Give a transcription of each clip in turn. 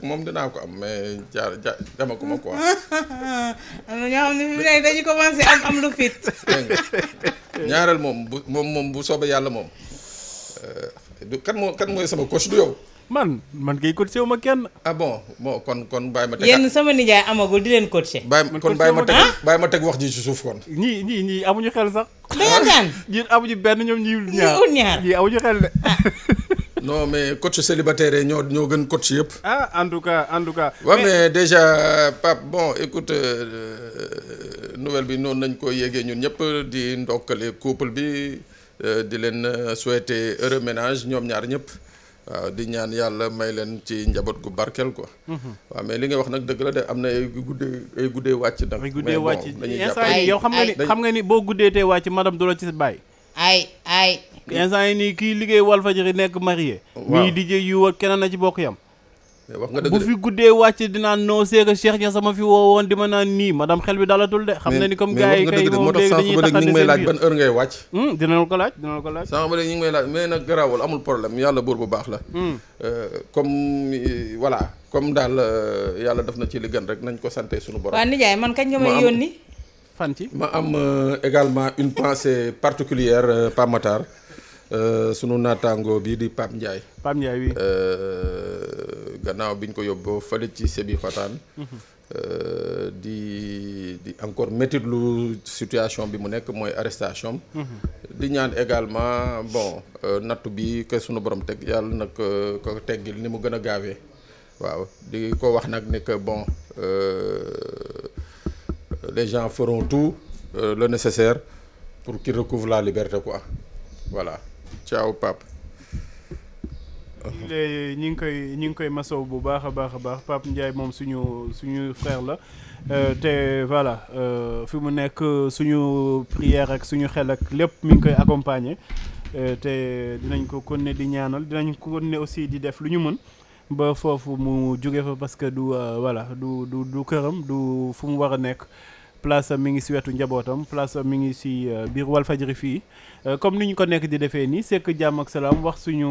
moom dinaa ko am mais jaar ja jama ko ma quoi. am na ñoo ñaareel moom bu moom moom bu soobee yàlla moom. Euh, du kan moo mooy sama coach du man man kay coaché wu ma kenn. ah bon bon kon kon bàyyi ma teg. yéen sama nijaay amagul di leen coaché. bàyyi kon bàyyi ma teg bàyyi wax ji suuf kon. ñii ñii ñii amuñu xel sax. da amuñu benn ñoom ñii. ñaar ñii amuñu xel de. Ah. non mais coach célibataire yi ñoo ñoo gën coach yëpp. ah en tout cas en tout cas. waaw mais... mais déjà Pape bon écoute euh, euh, nouvelle bi noonu nañ ko yéegee ñun ñëpp di ndokkale couple bi euh, di leen souhaiter heureux ménage ñoom ñaar ñëpp. waaw di ñaan yàlla may leen ci njaboot gu barkeel ko mhm. waaw mais li nga wax nag dëgg la de am na ay guddee ay guddee wàcc nag. ay guddee wàcc instant yow xam nga ni xam nga ni boo guddee tee wàcc madame du la ci bàyyi. instant yi nii kii liggéey Walfadjri nekk marié ñii di jë yu ak keneen na ci bokk yam wax nga dëgg bu fi guddee wàcc dinaa noo seega Cheikh Niass sama fi woo woon di ma naan nii madame xel bi dalatul de xam na ni comme gars yi kay moom léegi dañuy taxal ñu ngi may laaj ban heure ngay wàcc hmm, dinañ ko laaj dinañ ko laaj sànq ba ñu may laaj mais garaawul amul problème yàlla buur bu baax la hmm. euh, comme euh, voilà comme daal euh, yàlla def na ci li gën rek nañ ko sante suñu borom waa nijaay man kañ nga may yónni fan ci ma am également une pensée Euh, sunu naataango bii di Pape Ndiaye. Pape Ndiaye oui. Euh, gannaaw bi ñu ko yóbboo fële ci Sébi Fataan. Mhm. Euh, di di encore métit lu situation bi mu nekk mooy arrestation mhm. di ñaan également bon nattu bi que sunu borom teg yàlla nag ko teggil ni mu gën a gaawee. waaw di ko wax nag ne que bon les gens feront tout le nécessaire pour qu'il recouvre la liberté quoi voilà. ciao Pape. ñu ngi koy ñu ngi koy masaw bu baax a baax a baax papp Ndiaye moom suñu suñu frère la euh, te voilà euh, fi mu nekk suñu prière ak suñu xel ak lépp mu ngi koy accompagner euh, te dinañ ko kon ne di ñaanal dinañ ko kon ne aussi di def lu ñu mën ba foofu mu jóge fa parce que du voilà du du du këram du fu mu war a nekk. place am mi ngi si wetu njabootam place am mi ngi si euh, biir Walfadjri fii euh, comme ni ñu ko nekk di defee ni sekk jàmm ak salaam wax suñu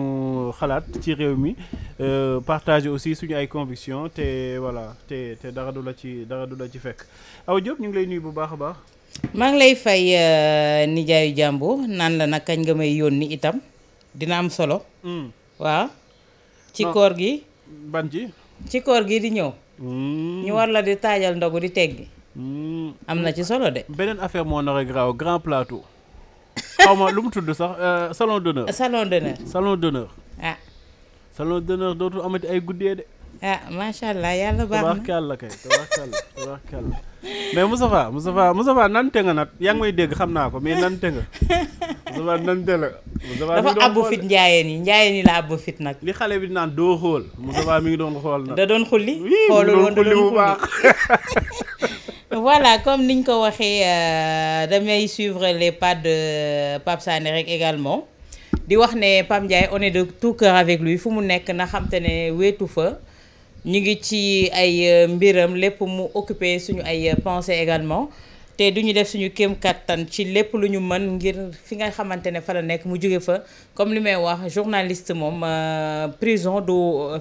xalaat ci réew mi euh, partage aussi suñu ay conviction te voilà te te dara du la ci dara du la ci fekk aw Diop ñu ngi lay nuyu bu baax a baax. maa ngi lay fay nijaayu jàmbur naan la nag kañ nga may yónni itam dina am solo. Hmm. waaw ci koor gi. ban ci koor gi di ñëw. Hmm. ñu war la di taajal ndogu di teggi am na ci solo de. beneen affaire moo nar a graaw grand plateau. xaw ma lu mu tudd sax euh, salon d'honneur. salon d'honneur. salon d'honneur. ah. salon d'honneur dootul amati ay guddee de. ah macha allah yàlla baax na tabaarkàlla kay tabaarkàlla tabaarkàlla mais Moustapha Moustapha Moustapha nante nga nag yaa ngi may dégg xam naa ko mais nante nga Moustapha nante la. Moustapha dafa àbbu fit njaayeen yi njaayeen yi la àbbu fit nag. li xale bi naan doo xool Moustapha mi ngi doon xool voilà comme niñ ko waxee euh, damay suivre les pas de euh, Pape Sané rek également di wax ne Pape Ndiaye on de tout cœur avec lui fu mu nekk na xam te ne weetu fa ñu ngi ci ay euh, mbiram lépp mu occupé suñu ay pensées également te du def suñu kéem kattan ci lépp lu ñu mën ngir fi nga xamante ne fa la nekk mu jóge fa comme li may wax journaliste moom prison du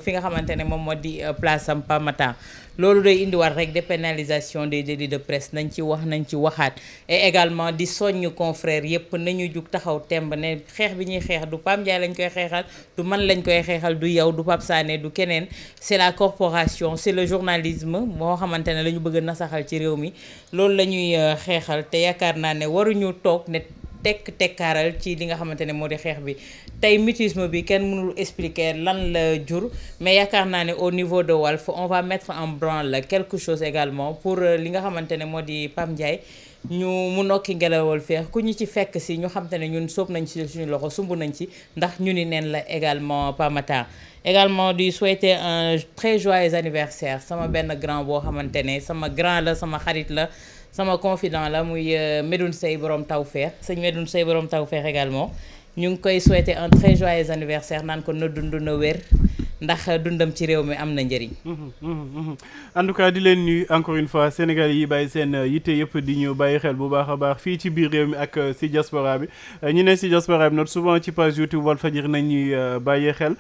fi nga xamante ne moom moo di place am pas matin loolu day indiwaat rek dépénalisation des délits de presse nañ ci wax nañ ci waxaat et également di soññ confrères yépp nañu jug taxaw temb ne xeex bi ñuy xeex du Pam Ndiaye lañ koy xeexal du man lañ koy xeexal du yow du Pape Sané du keneen c'est la corporation c'est le journalisme moo xamante ne la ñu bëgg nasaxal ci réew mi loolu la ñuy euh, xeexal te yaakaar naa ne waruñu toog ne tekk tekkaaral ci li nga xamante ne moo di xeex bi tey mutisme bi kenn mënul expliquer lan la jur mais yaakaar naa ne au niveau de Walf on va mettre en branle quelque chose également pour euh, li nga xamante ne moo di Pam Ndiaye ñu mu nokki ngelawal feex ku ñu ci fekk si ñu xam ne ñun sóob nañ ci suñu loxo sumb nañ ci ndax ñu ni neen la également pamata également di souhaiter un très joyeux anniversaire sama benn grand boo xamante ne sama grand sama xarit la sama confident la muy euh, Medoune Sey borom tawfeex sëñ Medoune Sey borom tawfeex également ñu ngi koy souhaiter en très joyeux anniversaire naan ko na dund na wér ndax dundam ci réew mi am na njëriñ. en tout cas di leen nuyu encore une fois Sénégal yi bàyyi seen euh, yitte yëpp di ñu bàyyi xel bu baax a baax fii ci biir réew mi ak si euh, diaspora bi ñu ne si diaspora bi nag souvent ci page YouTube Walfadjri nañ ñuy bàyyi xel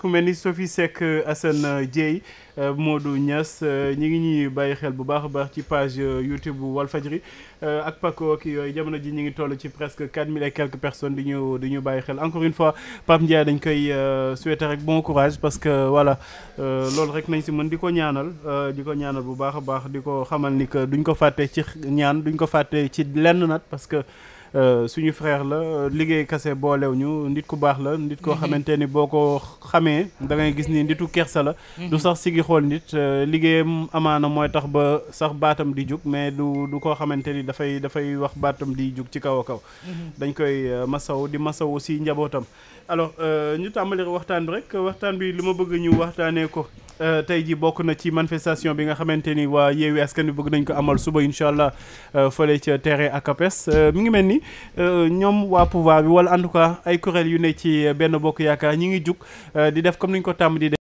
ku mel ni Sophie Seck seen Dieye. Euh, moo du Niass euh, ñi ngi ñuy bàyyi xel bu baax a baax ci page euh, YouTube bu Walfadjri ak Paco ak yooyu jamono ji ñu ngi toll ci presque 4000 et quelques personnes di ñu bàyyi xel encore une fois Pape Ndiaye dañ koy souhaiter rek bon courage parce que voilà loolu rek nañ si mën di ko ñaanal di ko ñaanal bu baax a baax di ko xamal ni que duñ ko fàtte ci ñaan duñ ko fàtte ci lenn nat parce que. Euh, suñu frère la liggéey kase boolew ñu ndit ku baax la ndit koo mhm. xamante ni boo ko xamee da ngay gis ni nditu kersa la mhm. du sax sigi xool nit euh, liggéeyam amaana mooy tax ba sax baatam di jug mais du du koo xamante ni dafay dafay wax baatam di jug ci kaw a kaw mhm. dañ koy euh, masaw di masaw aussi njabootam alors ñu tàmbali waxtaan bi rek waxtaan bi lu ma bëgg ñu waxtaanee ko tey ji bokk na ci manifestation bi nga xamante ni waa Yewwi Askan ni bëgg nañ ko amal suba incha allah fële ca terrain ACAPES mi ngi mel ni ni euh, ñoom waa pouvoir bi wala en tout cas ay kuréel yu ne ci euh, benn bokk yaakaar ñi ngi jug euh, di def comme ni ñu ko tàmm di def